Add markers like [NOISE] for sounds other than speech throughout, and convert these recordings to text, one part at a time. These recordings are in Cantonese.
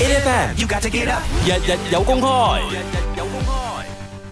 A F M，要架隻機啦！日日有工開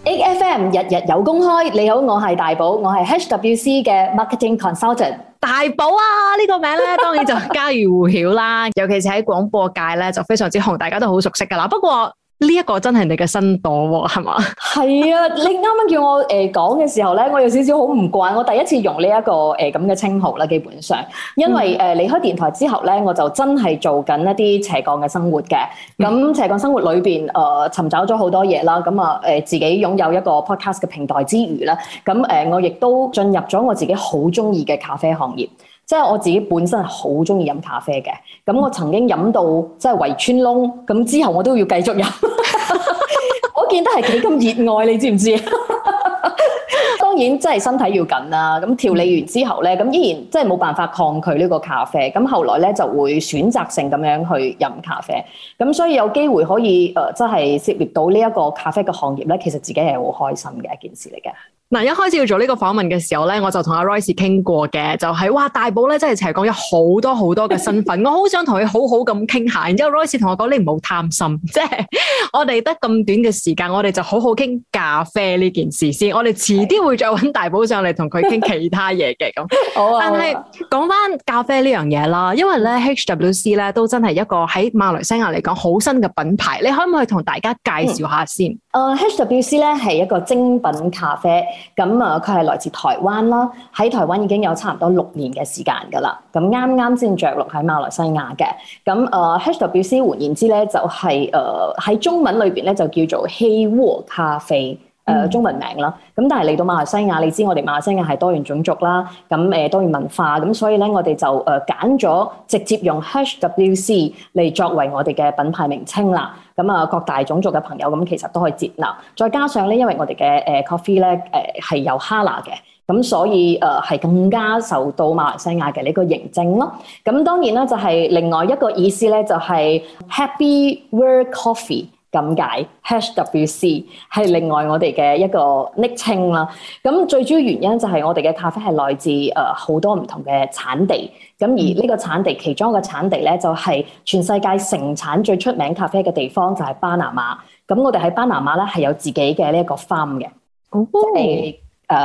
，A F M 日日有工開。你好，我係大寶，我係 H W C 嘅 Marketing Consultant。大寶啊，呢個名咧，當然就家喻戶曉啦，尤其是喺廣播界咧，就非常之紅，大家都好熟悉㗎喇。不過，呢、這、一個真係你嘅新朵喎，係嘛？係 [LAUGHS] 啊，你啱啱叫我誒講嘅時候咧，我有少少好唔慣。我第一次用呢一個誒咁嘅稱號啦，基本上因為誒離開電台之後咧、嗯，我就真係做緊一啲斜槓嘅生活嘅。咁斜槓生活裏邊誒尋找咗好多嘢啦。咁啊，誒自己擁有一個 podcast 嘅平台之餘啦，咁誒我亦都進入咗我自己好中意嘅咖啡行業。即係我自己本身好中意飲咖啡嘅，咁我曾經飲到即係胃穿窿，咁之後我都要繼續飲。 [LAUGHS] [LAUGHS] [LAUGHS] 我見得係幾咁熱愛，你知唔知道？ [LAUGHS] [LAUGHS] 當然，即係身體要緊啦。咁調理完之後咧，咁依然即係冇辦法抗拒呢個咖啡。咁後來咧就會選擇性咁樣去飲咖啡。咁所以有機會可以誒，即係涉獵到呢一個咖啡嘅行業咧，其實自己係好開心嘅一件事嚟嘅。嗱、啊，一開始要做呢個訪問嘅時候咧，我就同阿 Royce 傾過嘅，就係、是、哇，大寶咧真係成日講咗好多好多嘅身份， [LAUGHS] 我好想同佢好好咁傾下。然之後，Royce 同我講：你唔好貪心，即係我哋得咁短嘅時間，我哋就好好傾咖啡呢件事先。我哋遲啲會再揾大寶上嚟同佢傾其他嘢嘅咁。好 [LAUGHS] 啊但是。但係講翻咖啡呢樣嘢啦，因為咧 HWC 咧都真係一個喺馬來西亞嚟講好新嘅品牌，你可唔可以同大家介紹下先？誒、嗯 uh,，HWC 咧係一個精品咖啡。咁啊，佢係來自台灣啦，喺台灣已經有差唔多六年嘅時間㗎啦。咁啱啱先着陸喺馬來西亞嘅。咁啊，HWC 換言之呢、就是，就係誒喺中文裏面呢，就叫做黑沃咖啡。誒中文名啦，咁但係嚟到馬來西亞，你知我哋馬來西亞係多元種族啦，咁誒多元文化，咁所以咧我哋就誒揀咗直接用 HWC 嚟作為我哋嘅品牌名稱啦。咁啊各大種族嘅朋友，咁其實都可以接納。再加上咧，因為我哋嘅誒 coffee 咧誒係有 Hala 嘅，咁所以誒係更加受到馬來西亞嘅呢個認證咯。咁當然啦，就係另外一個意思咧就係 Happy World Coffee。咁解，HWC 係另外我哋嘅一個昵稱啦。咁最主要原因就係我哋嘅咖啡係來自誒好、呃、多唔同嘅產地。咁而呢個產地，其中一個產地咧就係、是、全世界盛產最出名的咖啡嘅地方就係、是、巴拿馬。咁我哋喺巴拿馬咧係有自己嘅呢一個 farm 嘅，誒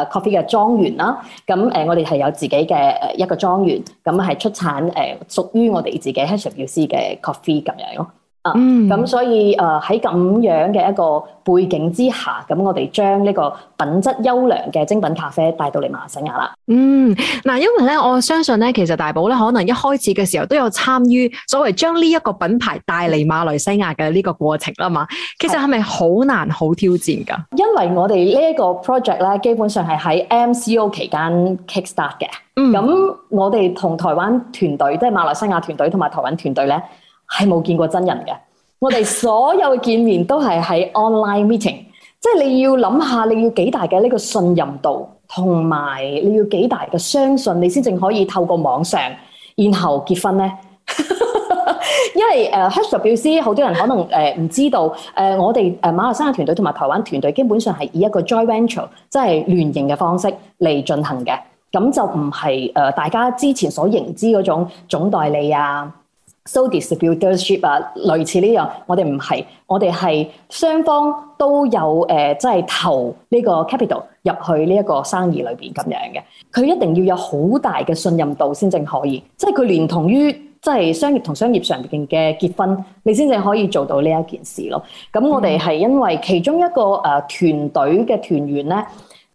誒 coffee 嘅莊園啦。咁誒我哋係有自己嘅誒一個莊園，咁係出產誒屬於我哋自己 HWC 嘅 coffee 咁樣咯。啊、嗯，咁所以，誒喺咁樣嘅一個背景之下，咁我哋將呢個品質優良嘅精品咖啡帶到嚟馬來西亞啦。嗯，嗱，因為咧，我相信咧，其實大寶咧，可能一開始嘅時候都有參與所謂將呢一個品牌帶嚟馬來西亞嘅呢個過程啦嘛。其實係咪好難、好挑戰噶、嗯？因為我哋呢一個 project 咧，基本上係喺 MCO 期間 Kickstart 嘅。嗯。咁我哋同台灣團隊，即係馬來西亞團隊同埋台灣團隊咧。係冇見過真人嘅，我哋所有見面都係喺 online meeting，即係你要諗下，你要幾大嘅呢個信任度，同埋你要幾大嘅相信，你先至可以透過網上然後結婚咧。 [LAUGHS] 因為 Hersh 表示好多人可能誒唔知道我哋誒馬來西亞團隊同埋台灣團隊基本上係以一個 joint venture，即係聯營嘅方式嚟進行嘅，咁就唔係大家之前所認知嗰種總代理啊。so this dealership 啊，類似呢樣，我哋唔係，我哋係雙方都有即係、呃、投呢個 capital 入去呢一個生意裏面咁樣嘅。佢一定要有好大嘅信任度先正可以，即係佢連同於即係商業同商業上面嘅結婚，你先正可以做到呢一件事咯。咁我哋係因為其中一個誒、呃、團隊嘅團員咧，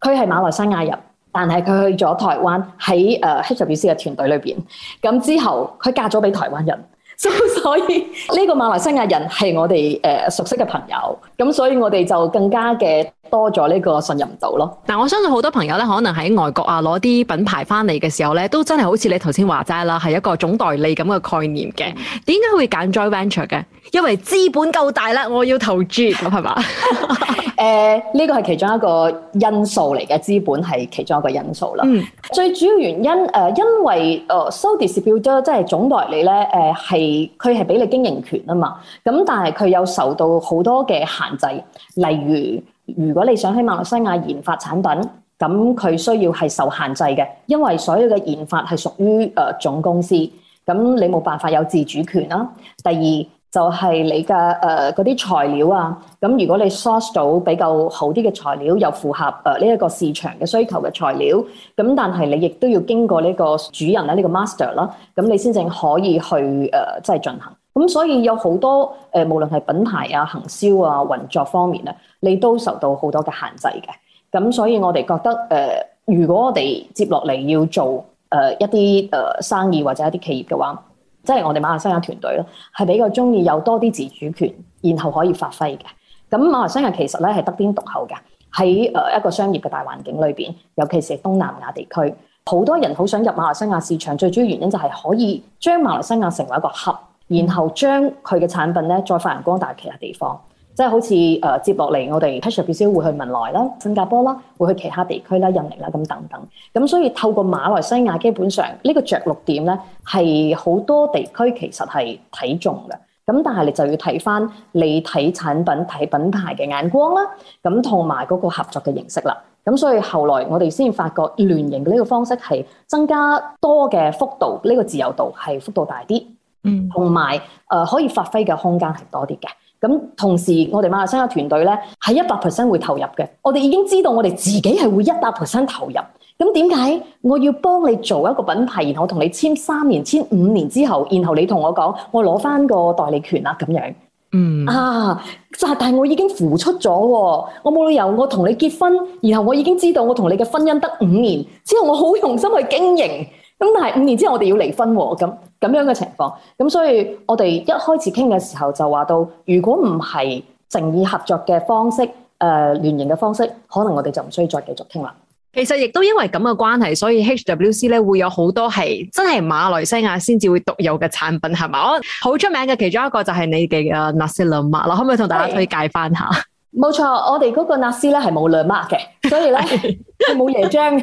佢係馬來西亞人，但係佢去咗台灣喺 Hector 老師嘅團隊裏面。咁之後佢嫁咗俾台灣人。 [LAUGHS] 所以呢個馬來西亞人係我哋熟悉嘅朋友，噉所以我哋就更加嘅。多咗呢個信任度咯。嗱，我相信好多朋友咧，可能喺外國啊攞啲品牌翻嚟嘅時候咧，都真係好似你頭先話齋啦，係一個總代理咁嘅概念嘅。點、嗯、解會揀 joint venture 嘅？因為資本夠大啦，我要投資，係 [LAUGHS] 嘛係咪？誒 [LAUGHS] 、呃，呢個係其中一個因素嚟嘅，資本係其中一個因素啦。嗯，最主要原因誒、呃，因為誒，sole distributor 即係總代理咧，誒係佢係俾你經營權啊嘛。咁但係佢有受到好多嘅限制，例如，如果你想喺馬來西亞研發產品，咁佢需要係受限制嘅，因為所有嘅研發係屬於誒、呃、總公司，咁你冇辦法有自主權啦、啊。第二就係、是、你嘅誒嗰啲材料啊，咁如果你 source 到比較好啲嘅材料，又符合誒呢一個市場嘅需求嘅材料，咁但係你亦都要經過呢個主人咧，呢、呢個 master 啦，咁你先正可以去誒即係進行。咁所以有好多誒、呃、無論係品牌啊、行銷啊、運作方面咧，你都受到好多嘅限制嘅。咁所以我哋覺得誒、呃、如果我哋接落嚟要做誒、呃、一啲誒、呃、生意或者一啲企業嘅話，即、就、係、是、我哋馬來西亞團隊咯，係比較中意有多啲自主權，然後可以發揮嘅。咁馬來西亞其實咧係得天獨厚嘅，喺誒一個商業嘅大環境裏邊，尤其是東南亞地區，好多人好想入馬來西亞市場，最主要原因就係可以將馬來西亞成為一個核。然後將佢嘅產品再發揚光大其他地方，即係好似接落嚟我哋 HWC 先會去文萊啦、新加坡啦，會去其他地區啦、印尼啦等等。咁所以透過馬來西亞，基本上呢、呢個着陸點呢係好多地區其實係睇中嘅。咁但係你就要睇返你睇產品睇品牌嘅眼光啦，咁同埋嗰個合作嘅形式啦。咁所以後來我哋先發覺聯營呢個方式係增加多嘅幅度，呢、呢個自由度係幅度大啲。嗯，同埋誒，可以發揮嘅空間係多啲嘅。咁同時，我哋馬來西亞團隊咧，係一百 percent 會投入嘅。我哋已經知道我哋自己係會一百 percent 投入。咁點解我要幫你做一個品牌？然後同你簽三年、簽五年之後，然後你同我講，我攞翻個代理權啦，咁樣、啊。嗯啊，就係但係我已經付出咗，我冇理由我同你結婚，然後我已經知道我同你嘅婚姻得五年之後，我好用心去經營。咁但係五年之後我哋要離婚喎，咁。咁樣嘅情況，咁所以我哋一開始傾嘅時候就話到，如果唔係誠意合作嘅方式，呃聯營嘅方式，可能我哋就唔需要再繼續傾啦。其實亦都因為噉嘅關係，所以 HWC 呢會有好多係真係馬來西亞先至會獨有嘅產品，係嘛？好出名嘅其中一個就係你嘅 Nasi Lemak，嗱可唔可以同大家推介返下？冇錯，我哋嗰個納斯咧係冇兩 mark 嘅，所以咧係冇椰漿，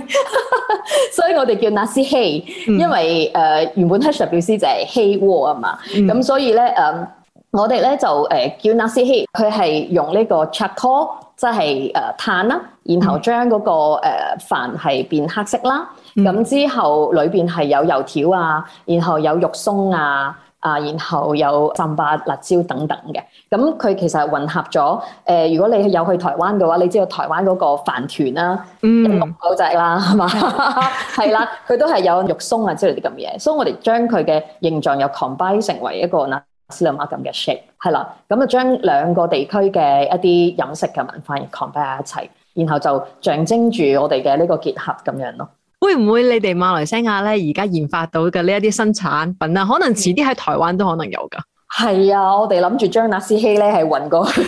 所、呃、以我哋、呃、叫納斯希，因為誒原本 h e s h 表示就係希鍋啊嘛，咁所以咧誒我哋咧就誒叫納斯希，佢係用呢個 charcoal 即係誒碳啦，然後將嗰、那個誒飯係變黑色啦，咁、嗯、之後裏邊係有油條啊，然後有肉鬆啊。啊，然後有浸巴辣椒等等嘅，咁佢其實混合咗誒、呃。如果你有去台灣嘅話，你知道台灣嗰個飯團、啊嗯啊、 [LAUGHS] [LAUGHS] 啦，有龍口仔啦，係嘛？係啦，佢都係有肉鬆啊之類啲咁嘅嘢，所以我哋將佢嘅形象又 combine 成為一個辣的形啦，斯里馬咁嘅 shape 係啦，咁啊將兩個地區嘅一啲飲食嘅文化亦 combine 喺一齊，然後就象徵住我哋嘅呢個結合咁樣咯。會唔會你哋馬來西亞咧而家研發到嘅呢一啲新產品啊？可能遲啲喺台灣都可能有噶。係、嗯、 [NOISE] 啊，我哋諗住將那斯希咧係運過去，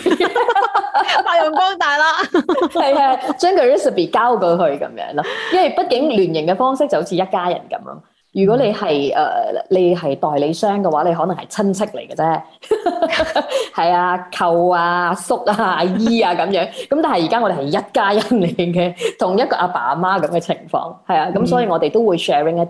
發 [LAUGHS] 揚 [LAUGHS] 光大啦。係啊，將個 recipe 交過去咁樣咯。因為畢竟聯營嘅方式就好似一家人咁樣如果你係誒、嗯 uh，你係代理商嘅話，你可能係親戚嚟嘅啫，係 [LAUGHS] 啊，舅啊、叔啊、 [LAUGHS] 啊阿姨啊咁樣。咁但係而家我哋係一家人嚟嘅，同一個阿爸阿媽咁嘅情況，係啊，咁所以我哋都會 sharing 一啲誒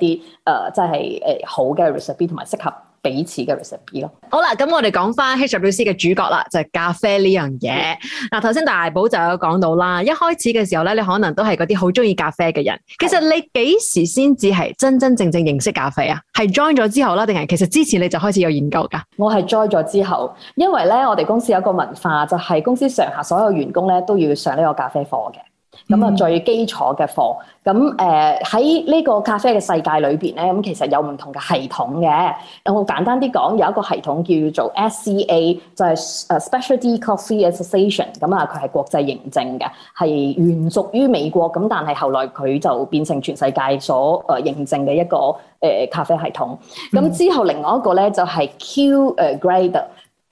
即係誒好嘅 recipe 同埋適合。彼此嘅 respect 咯。好啦，咁我哋講翻 HWC 嘅主角啦，就係咖啡呢樣嘢。嗱，頭先大寶就有講到啦，一開始嘅時候咧，你可能都係嗰啲好中意咖啡嘅人。其實你幾時先至係真真正正認識咖啡啊？係 join 咗之後啦，定係其實之前你就開始有研究噶？我係 join 咗之後，因為咧我哋公司有一個文化，就係公司上下所有員工咧都要上呢個咖啡課嘅。咁、嗯、啊，最基礎嘅課。咁誒喺呢個咖啡嘅世界裏邊咧，咁其實有唔同嘅系統嘅。咁我簡單啲講，有一個系統叫做 SCA，就係誒 Specialty Coffee Association。咁啊，佢係國際認證嘅，係原屬於美國。咁但係後來佢就變成全世界所誒認證嘅一個誒咖啡系統。咁、嗯、之後另外一個咧就係 Q 誒 Grade。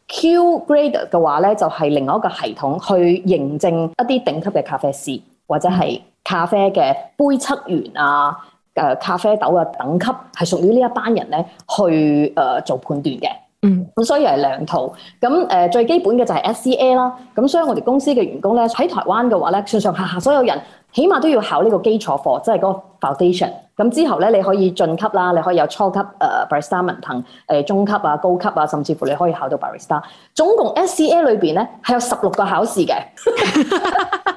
Q Grade 嘅話咧，就係另外一個系統去認證一啲頂級嘅咖啡師。或者係咖啡嘅杯測員啊、呃，咖啡豆嘅等級係屬於呢一班人咧去、呃、做判斷嘅。嗯，咁所以係兩套。咁、呃、最基本嘅就係 S C A 啦。咁所以我哋公司嘅員工咧喺台灣嘅話咧，算上上下下所有人起碼都要考呢個基礎課，即係嗰個 foundation。咁之後咧你可以進級啦，你可以有初級 barista 同、呃呃、中級啊、高級啊，甚至乎你可以考到 barista。總共 S C A 裏邊咧係有十六個考試嘅。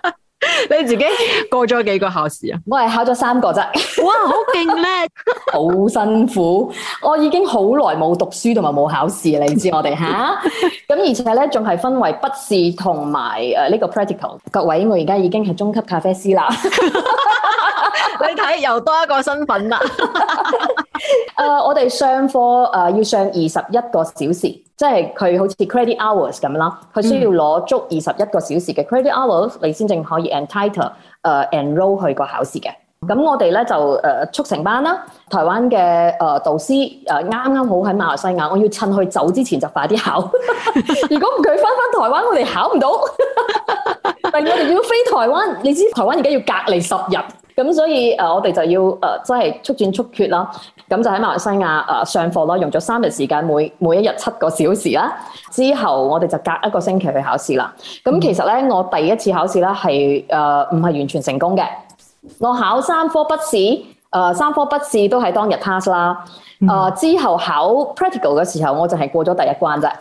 [LAUGHS] 你自己過咗幾個考試啊？我係考咗三個啫。哇，好勁咩？好 [LAUGHS] 辛苦，我已經好耐冇讀書同埋冇考試，你知我哋吓，咁而且咧仲係分為筆試同埋誒呢個 practical。各位，我而家已經係中級咖啡師啦。 [LAUGHS] [LAUGHS] 你睇又多一個身份啦。 [LAUGHS] 誒、uh,，我哋上課誒要上二十一個小時，即係佢好似 credit hours 咁啦，佢需要攞足二十一個小時嘅 credit hours，、嗯、你先正可以 entitle 誒、uh, enroll 去個考試嘅。咁我哋咧就誒、uh, 速成班啦，台灣嘅誒導師誒啱啱好喺馬來西亞，我要趁佢走之前就快啲考。 [LAUGHS] 如果唔佢翻翻台灣，我哋考唔到。 [LAUGHS] 但係我哋要飛台灣，你知台灣而家要隔離十日。咁所以誒，我哋就要誒，即、呃、係、就是、速戰速決啦。咁就喺馬來西亞誒上課啦，用咗三日時間，每每一日七個小時啦。之後我哋就隔一個星期去考試啦。咁其實咧，我第一次考試咧係誒唔係完全成功嘅。我考三科筆試，誒、呃、三科筆試都係當日 pass 啦。誒、呃、之後考 practical 嘅時候，我就係過咗第一關啫。佢、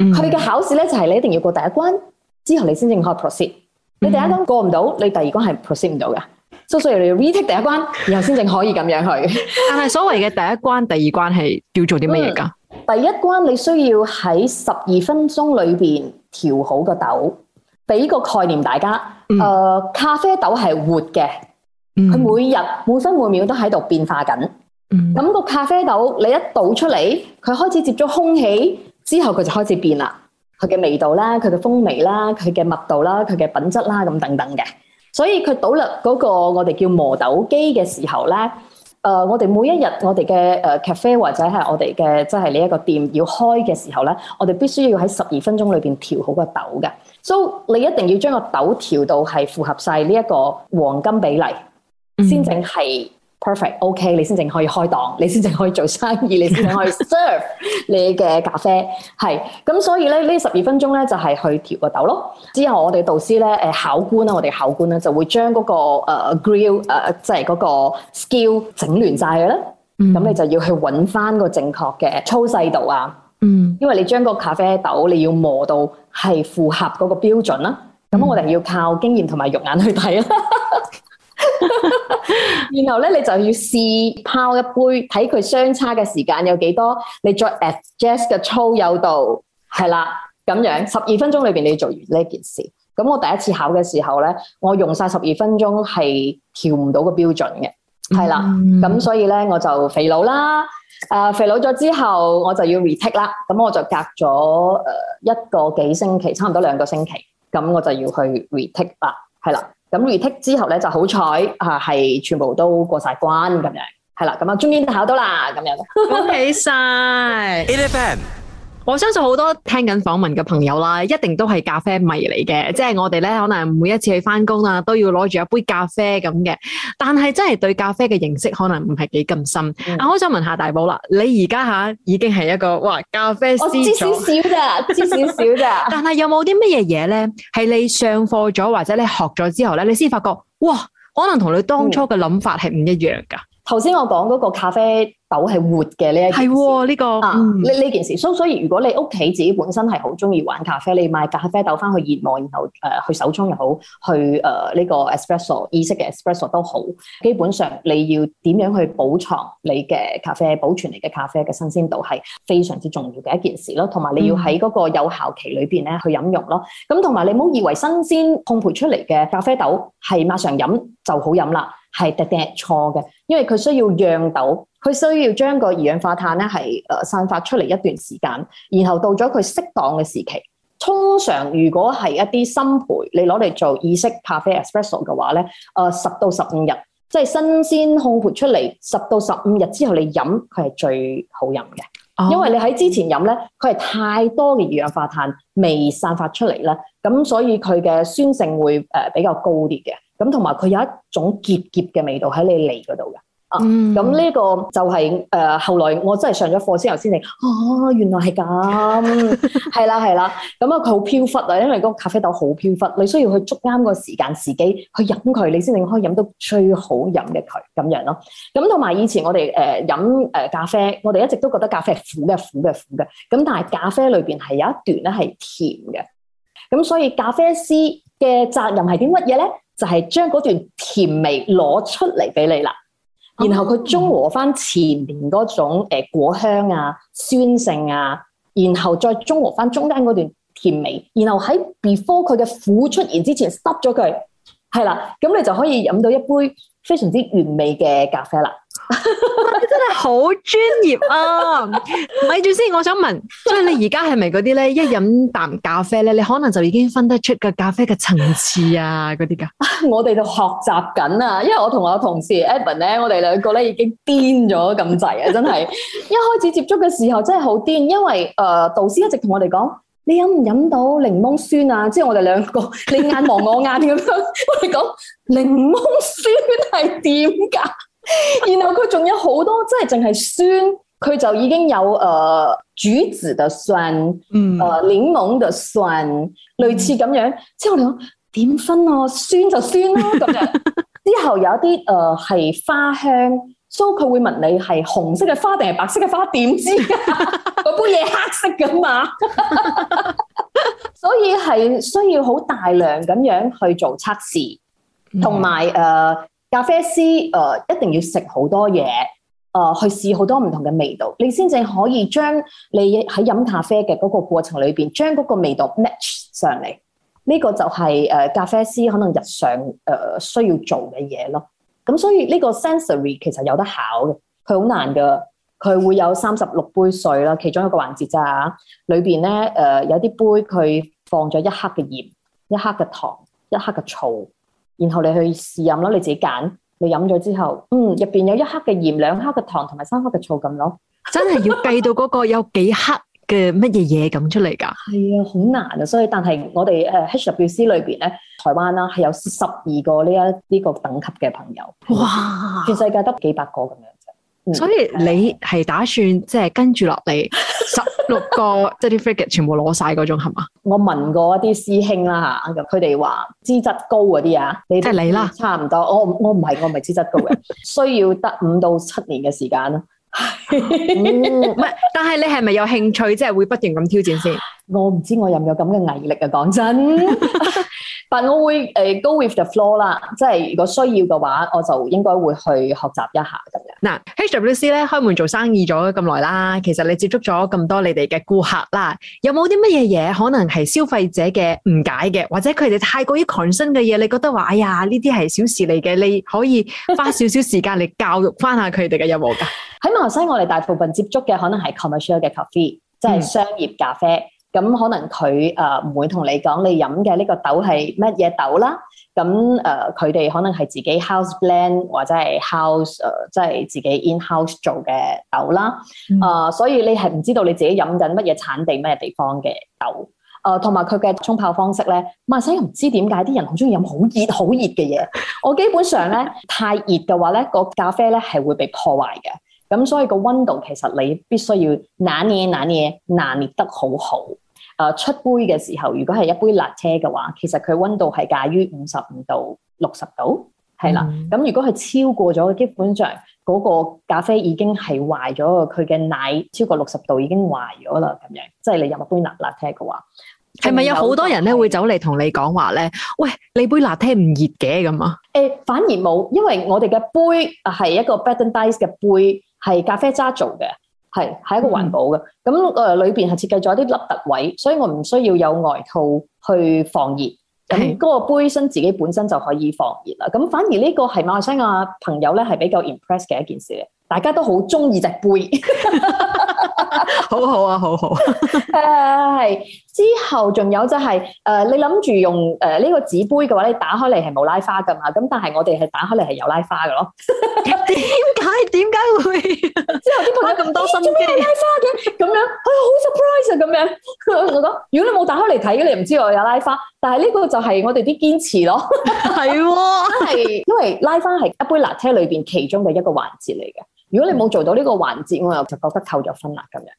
嗯、嘅考試咧就係、是、你一定要過第一關，之後你先至可以 proceed。你第一關過唔到，你第二關係 proceed 唔到嘅。首先嚟要 retake 第一關，然後先至可以咁樣去。 [LAUGHS] 但係所謂嘅第一關、第二關係叫做啲咩嘢㗎？第一關你需要喺十二分鐘裏邊調好個豆，俾個概念大家。誒、嗯呃，咖啡豆係活嘅，佢、嗯、每日每分每秒都喺度變化緊。咁、嗯、個咖啡豆你一倒出嚟，佢開始接觸空氣之後，佢就開始變啦。佢嘅味道啦，佢嘅風味啦，佢嘅密度啦，佢嘅品質啦，咁等等嘅。所以佢倒立嗰個我哋叫磨豆機嘅時候咧、呃，我哋每一日我哋嘅咖啡或者係我哋嘅即係呢一個店要開嘅時候咧，我哋必須要喺十二分鐘裏面調好個豆嘅，所以你一定要將個豆調到係符合晒呢一個黃金比例，先正係。Perfect，OK，okay，你先至可以開檔，你先至可以做生意，你先至可以 serve 你嘅咖啡，係 [LAUGHS] 咁。所以咧呢十二分鐘咧就係、是、去調個豆咯。之後我哋導師咧，誒考官啦，我哋考官咧就會將嗰、那個誒、uh, grill 誒即係嗰個 skill 整亂晒嘅啦。咁、mm. 你就要去揾翻個正確嘅粗細度啊。嗯、mm.，因為你將個咖啡豆你要磨到係符合嗰個標準啦、啊。咁我哋要靠經驗同埋肉眼去睇啦、啊。然後咧，你就要試泡一杯，睇佢相差嘅時間有幾多，你再 adjust 嘅粗幼度，係啦，咁樣十二分鐘裏面你要做完呢件事。咁我第一次考嘅時候咧，我用晒十二分鐘係調唔到個標準嘅，係啦，咁、嗯、所以咧我就肥佬啦、呃，肥佬咗之後我就要 retake 啦，咁我就隔咗一個幾星期，差唔多兩個星期，咁我就要去 retake 啦，係啦。咁 retake 之後呢，就好彩係全部都過晒關咁樣，係啦，咁啊，終於考到啦咁樣，恭喜晒 Eleven！我相信好多聽緊訪問嘅朋友啦，一定都係咖啡迷嚟嘅，即係我哋咧可能每一次去翻工啊，都要攞住一杯咖啡咁嘅。但係真係對咖啡嘅認識可能唔係幾咁深，嗯。我想問下大寶啦，你而家吓已經係一個哇咖啡師？知少少咋，知少少咋。但係有冇啲乜嘢嘢咧，係你上課咗或者你學咗之後咧，你先發覺哇，可能同你當初嘅諗法係唔一樣噶。嗯，頭先我講嗰個咖啡。豆係活嘅呢一件事喎，呢個啊呢呢件事，所所以如果你屋企自己本身係好中意玩咖啡，你買咖啡豆翻去熱磨，然後、呃、去手沖又好，去誒呢、呃這個 espresso 意式嘅 espresso 都好，基本上你要點樣去保藏你嘅咖啡，保存你嘅咖啡嘅新鮮度係非常之重要嘅一件事咯，同埋你要喺嗰個有效期裏面咧去飲用咯。咁同埋你唔好以為新鮮烘焙出嚟嘅咖啡豆係馬上飲就好飲啦，係特特錯嘅，因為佢需要養豆。佢需要將個二氧化碳咧係誒散發出嚟一段時間，然後到咗佢適當嘅時期。通常如果係一啲新培，你攞嚟做意式咖啡 espresso 嘅話咧，誒、呃、十到十五日，即係新鮮烘焙出嚟十到十五日之後你飲，佢係最好飲嘅、哦。因為你喺之前飲咧，佢係太多嘅二氧化碳未散發出嚟呢，咁所以佢嘅酸性會誒比較高啲嘅。咁同埋佢有一種澀澀嘅味道喺你脷嗰度嘅。嗯、啊，咁呢個就係、是、誒、呃。後來我真係上咗課之後先至，啊、哦，原來係咁，係啦係啦。咁啊，佢好飄忽啊，因為嗰個咖啡豆好飄忽，你需要去捉啱個時間時機去飲佢，你先至可以飲到最好飲嘅佢咁樣咯。咁同埋以前我哋誒、呃、飲誒咖啡，我哋一直都覺得咖啡苦嘅苦嘅苦嘅，咁但係咖啡裏邊係有一段咧係甜嘅，咁所以咖啡師嘅責任係點乜嘢咧？就係將嗰段甜味攞出嚟俾你啦。然後佢中和翻前面嗰種、呃、果香啊、酸性啊，然後再綜合中和翻中間嗰段甜味，然後喺 before 佢嘅苦出現之前 stop 咗佢，係啦，咁你就可以飲到一杯非常之完美嘅咖啡啦。 [LAUGHS] [LAUGHS] 真係好專業啊！咪住先，我想問，即係你而家係咪嗰啲咧？一飲啖咖啡咧，你可能就已經分得出個咖啡嘅層次啊，嗰啲噶。 [LAUGHS] 我哋就學習緊啊，因為我同我同事 Evan 咧，我哋兩個咧已經癲咗咁滯啊！真係 [LAUGHS] 一開始接觸嘅時候真係好癲，因為誒、呃、導師一直同我哋講，你飲唔飲到檸檬酸啊？即係我哋兩個你眼望我眼咁樣， [LAUGHS] [LAUGHS] 我哋講檸檬酸係點噶？ [LAUGHS] 然後佢仲有好多，即係淨係酸，佢就已經有誒橘、呃、子嘅酸，嗯、呃，誒檸檬嘅酸，類似咁樣、嗯。之後你點分啊？酸就酸啦、啊，咁樣 [LAUGHS] 之後有一啲誒係花香，所以佢會問你係紅色嘅花定係白色嘅花？點知嗰、啊、 [LAUGHS] [LAUGHS] [LAUGHS] 杯嘢黑色噶嘛？ [LAUGHS] 所以係需要好大量咁樣去做測試，同埋誒。咖啡師誒、呃，一定要食好多嘢誒、呃，去試好多唔同嘅味道，你先至可以將你喺飲咖啡嘅嗰個過程裏邊，將嗰個味道 match 上嚟。呢、這個就係、是、誒、呃、咖啡師可能日常誒、呃、需要做嘅嘢咯。咁所以呢個 sensory 其實有得考嘅，佢好難噶，佢會有三十六杯水啦，其中一個環節咋？裏邊咧誒有啲杯佢放咗一克嘅鹽、一克嘅糖、一克嘅醋。然後你去試飲咯，你自己揀。你飲咗之後，嗯，入邊有一克嘅鹽、兩克嘅糖同埋三克嘅醋咁咯。真係要計到嗰個有幾克嘅乜嘢嘢咁出嚟噶？係 [LAUGHS] 啊，好難啊！所以但係我哋誒，HWC 裏邊咧，台灣啦係有十二個呢一呢個等級嘅朋友。哇！全世界得幾百個咁樣。嗯、所以你係打算即係、就是、跟住落嚟十六個即係啲 frigate 全部攞晒嗰種係嘛？我問過一啲師兄啦吓，佢哋話資質高嗰啲啊，即係你啦，差唔多。就是、我我唔係我咪資質高嘅， [LAUGHS] 需要得五到七年嘅時間咯。係、 [LAUGHS] 嗯，但係你係咪有興趣即係、就是、會不斷咁挑戰先？ [LAUGHS] 我唔知我有唔有咁嘅毅力啊！講真。 [LAUGHS] 但係我會誒 go with the floor 啦，即係如果需要嘅話，我就應該會去學習一下咁樣。嗱，HWC 呢開門做生意咗咁耐啦，其實你接觸咗咁多你哋嘅顧客啦，有冇啲乜嘢嘢可能係消費者嘅誤解嘅，或者佢哋太過於 concern 嘅嘢，你覺得話哎呀呢啲係小事嚟嘅，你可以花少少時間嚟教育翻下佢哋嘅有冇噶？喺馬來西亞我哋大部分接觸嘅可能係 commercial 嘅 coffee，即係商業咖啡。嗯咁可能佢誒唔會同你講你飲嘅呢個豆係乜嘢豆啦，咁誒佢哋可能係自己 house blend 或者係 house 誒、呃，即、就、係、是、自己 in house 做嘅豆啦，啊、呃，所以你係唔知道你自己飲緊乜嘢產地乜嘢地方嘅豆，啊、呃，同埋佢嘅沖泡方式咧。萬使又唔知點解啲人好鍾意飲好熱好熱嘅嘢，我基本上咧 [LAUGHS] 太熱嘅話咧，個咖啡咧係會被破壞嘅，咁所以個温度其實你必須要拿捏、拿捏拿捏得好好。啊，出杯嘅時候，如果係一杯拿鐵嘅話，其實佢温度係介於五十五度、六十度，係啦。咁、嗯、如果係超過咗，基本上嗰、那個咖啡已經係壞咗，佢嘅奶超過六十度已經壞咗啦。咁樣，即、就、係、是、你入一杯拿拿鐵嘅話，係咪有好多人咧、就是、會走嚟同你講話咧？喂，你杯拿鐵唔熱嘅咁啊？誒，反而冇，因為我哋嘅杯係一個 Bad Dice 嘅杯，係咖啡渣做嘅。係，係一個環保嘅，咁誒裏邊係設計咗一啲凹凸位，所以我唔需要有外套去防熱，咁嗰個杯身自己本身就可以防熱啦。咁反而呢個係馬來西亞朋友咧係比較 impress 嘅一件事，大家都好中意隻杯。 [LAUGHS] [LAUGHS] 好好啊，好好、啊。係 [LAUGHS] 之後仲有就係、係、誒，你諗住用誒呢個紙杯嘅話，你打開嚟係冇拉花噶嘛？咁但係我哋係打開嚟係有拉花噶咯。點 [LAUGHS] 解？點解會？之後啲朋友咁多心機，做咩拉花嘅？咁樣，佢好 surprise 啊！咁樣，我講，如果你冇打開嚟睇，你唔知我有拉花。但係呢個就係我哋啲堅持咯。係， [LAUGHS] [LAUGHS] 因為拉花係一杯拿鐵裏邊其中嘅一個環節嚟嘅。如果你冇做到呢個環節，我又就覺得扣咗分啦咁樣。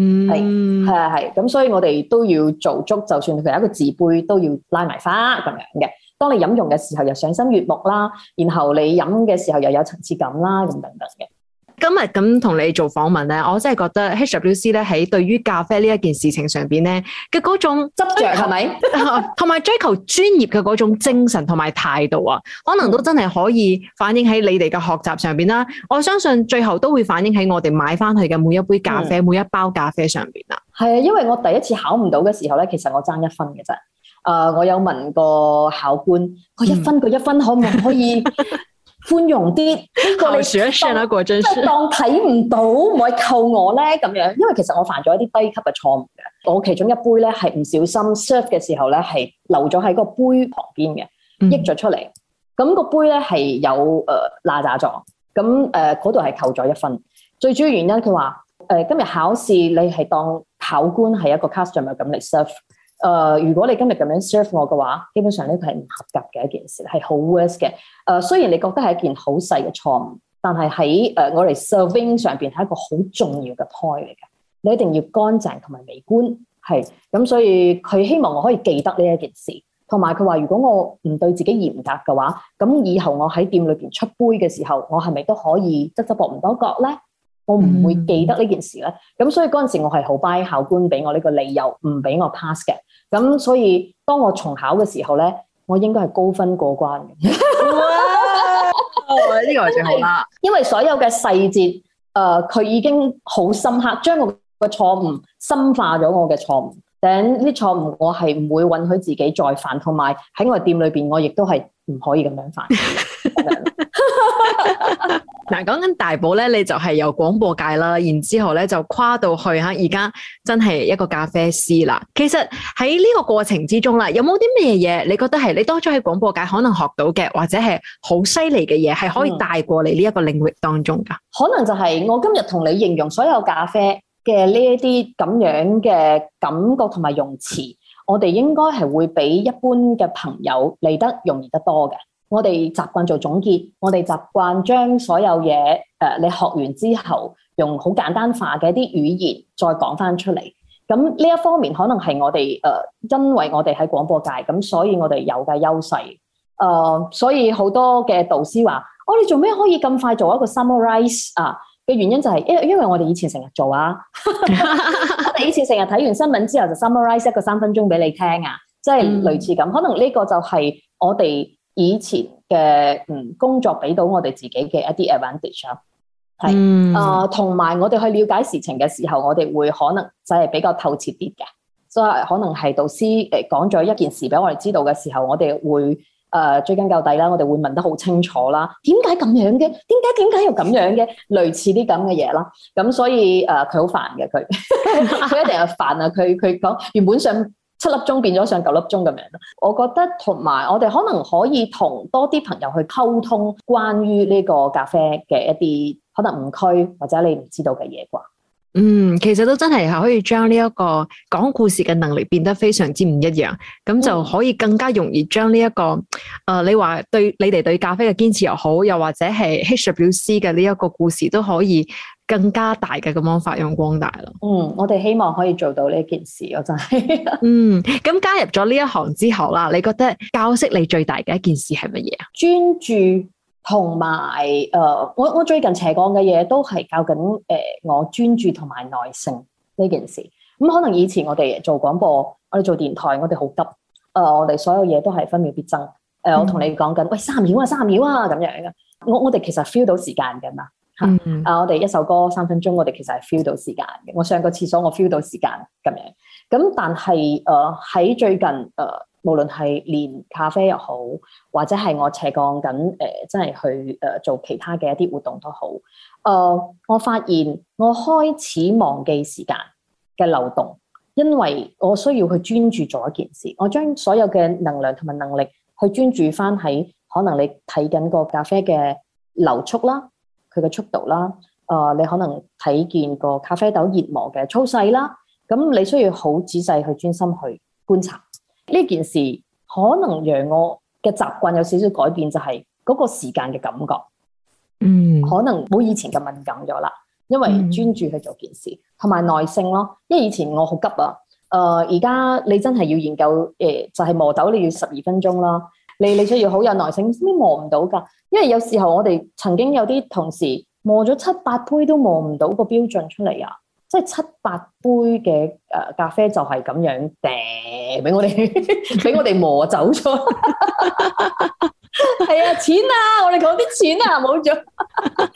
嗯係，係係啊係。咁所以我哋都要做足，就算佢係一個瓷杯，都要拉埋花咁樣嘅。當你飲用嘅時候又賞心悅目啦，然後你飲嘅時候又有層次感啦，咁等等嘅。今日咁同你做訪問咧，我真係覺得 HWC 老師咧喺對於咖啡呢一件事情上邊咧嘅嗰種執着係咪？同埋 [LAUGHS] 追求專業嘅嗰種精神同埋態度啊，可能都真係可以反映喺你哋嘅學習上邊啦。我相信最後都會反映喺我哋買翻去嘅每一杯咖啡、嗯、每一包咖啡上邊啦。係啊，因為我第一次考唔到嘅時候咧，其實我爭一分嘅啫。誒、uh，我有問過考官，佢一分，佢一,一分可唔可以？ [LAUGHS] 寬容啲，呢、這個你當即係 [LAUGHS] 真係當睇唔到，唔可以扣我咧咁樣。因為其實我犯咗一啲低級嘅錯誤嘅。我其中一杯咧係唔小心 serve 嘅時候咧係流咗喺個杯旁邊嘅、嗯，溢咗出嚟。咁個杯咧係有誒揦鮓咗。咁誒嗰度係扣咗一分。最主要原因佢話誒今日考試你係當考官係一個 customer 咁嚟 serve。誒、呃，如果你今日咁樣 serve 我嘅話，基本上呢佢係唔合格嘅一件事，係好 worse 嘅。誒、呃，雖然你覺得係一件好細嘅錯誤，但係喺誒我哋 serving 上邊係一個好重要嘅 point 嚟嘅，你一定要乾淨同埋美觀，係咁。所以佢希望我可以記得呢一件事，同埋佢話如果我唔對自己嚴格嘅話，咁以後我喺店裏邊出杯嘅時候，我係咪都可以側側膊唔多覺咧？我唔會記得呢件事咧，咁、嗯、所以嗰陣時候我係好 by 考官俾我呢個理由唔俾我 pass 嘅，咁所以當我重考嘅時候咧，我應該係高分過關嘅。哇！呢、 [LAUGHS] 哦呢個最好啦，因為所有嘅細節，誒、呃、佢已經好深刻，將我嘅錯誤深化咗我嘅錯誤。等啲錯誤，我係唔會允許自己再犯，同埋喺我店裏邊，我亦都係唔可以咁樣犯。嗱，講緊大寶咧，你就係由廣播界啦，然之後咧就跨到去嚇，而家真係一個咖啡師啦。其實喺呢個過程之中啦，有冇啲咩嘢，你覺得係你當初喺廣播界可能學到嘅，或者係好犀利嘅嘢，係可以帶過嚟呢一個領域當中㗎？嗯，可能就係我今日同你形容所有咖啡。嘅呢一啲咁樣嘅感覺同埋用詞，我哋應該係會比一般嘅朋友嚟得容易得多嘅。我哋習慣做總結，我哋習慣將所有嘢誒、呃，你學完之後用好簡單化嘅一啲語言再講翻出嚟。咁呢一方面可能係我哋誒、呃，因為我哋喺廣播界，咁所以我哋有嘅優勢。誒、呃，所以好多嘅導師話：我哋做咩可以咁快做一個 summarise 啊？呃嘅原因就係，因為因為我哋以前成日做啊，我哋以前成日睇完新聞之後就 summarize 一個三分鐘俾你聽啊，即係類似咁、嗯。可能呢個就係我哋以前嘅嗯工作俾到我哋自己嘅一啲 advantage，係啊，同埋我哋去了解事情嘅時候，我哋會可能就係比較透徹啲嘅。所以可能係導師誒講咗一件事俾我哋知道嘅時候，我哋會。誒追根究底啦，我哋會問得好清楚啦。點解咁樣嘅？點解點解又咁樣嘅？類似啲咁嘅嘢啦。咁所以誒，佢、呃、好煩嘅佢，佢 [LAUGHS] 一定係煩啊。佢佢講原本上七粒鐘變咗上九粒鐘咁樣。我覺得同埋我哋可能可以同多啲朋友去溝通關於呢個咖啡嘅一啲可能誤區或者你唔知道嘅嘢啩。嗯，其實都真係係可以將呢一個講故事嘅能力變得非常之唔一樣，咁就可以更加容易將呢一個，誒、嗯呃，你話對你哋對咖啡嘅堅持又好，又或者係 H 先生嘅呢一個故事，都可以更加大嘅咁樣發揚光大啦。嗯，我哋希望可以做到呢一件事，我真係。嗯，咁、 [LAUGHS] 嗯、加入咗呢一行之後啦，你覺得教識你最大嘅一件事係乜嘢啊？專注。同埋誒，我我最近斜講嘅嘢都係教緊誒，我專注同埋耐性呢件事。咁可能以前我哋做廣播，我哋做電台，我哋好急。誒、呃，我哋所有嘢都係分秒必爭。誒、嗯呃，我同你講緊，喂，三秒啊，三秒啊，咁樣。我我哋其實 feel 到時間㗎嘛。嚇、嗯嗯！啊，我哋一首歌三分鐘，我哋其實係 feel 到時間嘅。我上個廁所，我 feel 到時間咁樣。咁但係誒，喺、呃、最近誒。呃無論係連咖啡又好，或者係我斜槓緊、呃、真係去、呃、做其他嘅一啲活動都好、呃。我發現我開始忘記時間嘅流動，因為我需要去專注做一件事，我將所有嘅能量同埋能力去專注翻喺可能你睇緊個咖啡嘅流速啦，佢嘅速度啦，呃、你可能睇見個咖啡豆熱磨嘅粗細啦，咁你需要好仔細去專心去觀察。呢件事可能讓我嘅習慣有少少改變，就係、是、嗰個時間嘅感覺，嗯，可能冇以前咁敏感咗啦。因為專注去做件事，同、嗯、埋耐性咯。因為以前我好急啊，誒、呃，而家你真係要研究，誒、呃，就係、是、磨豆，你要十二分鐘啦。你你需要好有耐性，你磨唔到噶？因為有時候我哋曾經有啲同事磨咗七八杯都磨唔到個標準出嚟啊！即係七八杯嘅誒咖啡就係咁樣頂。俾 [LAUGHS] 我哋俾我哋磨走咗，係啊，錢啊，我哋講啲錢啊，冇咗、 [LAUGHS] 啊，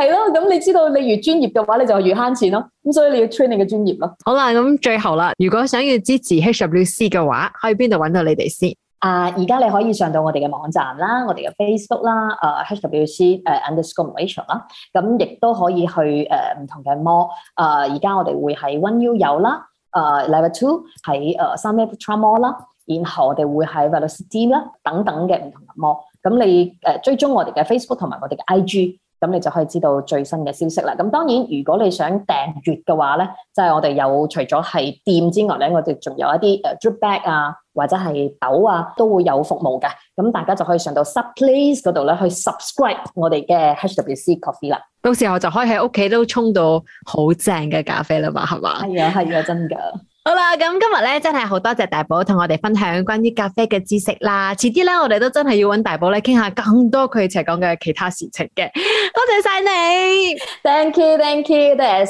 係咯，咁你知道，你越專業嘅話，你就越慳錢咯，咁所以你要 train 你嘅專業咯。好啦，咁最後啦，如果想要支持 HWC 嘅話，可以邊度搵到你哋先？啊，而家你可以上到我哋嘅網站啦，我哋嘅 Facebook 啦，啊、uh, HWC 誒、uh, Underscore Rachel 啦，咁亦都可以去誒唔、uh, 同嘅 m mall，啊，而家我哋會係 One U 有啦。誒 level two 喺誒三咩 extra 摩啦，然後我哋會喺 Valley Stream 啦等等嘅唔同嘅摩，咁你誒追蹤我哋嘅 Facebook 同埋我哋嘅 IG。咁你就可以知道最新嘅消息啦。咁當然，如果你想訂閱嘅話咧，即係我哋有除咗係店之外咧，我哋仲有一啲 drip bag 啊，或者係豆啊，都會有服務嘅。咁大家就可以上到 Sub Place 嗰度咧，去 subscribe 我哋嘅 HWC Coffee 啦。到時候我就可以喺屋企都沖到好正嘅咖啡啦嘛，係嘛？係啊，係啊，真㗎。好啦，咁今日咧真係好多謝大寶同我哋分享關於咖啡嘅知識啦。遲啲咧，我哋都真係要揾大寶咧傾下更多佢之前講嘅其他事情嘅。多謝晒你，thank you，thank you，多謝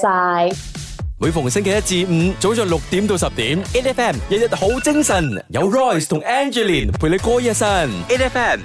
晒。每逢星期一至五，早上六點到十點，A F M 日日好精神，有 Royce 同 Angeline 陪你過夜神，A F M。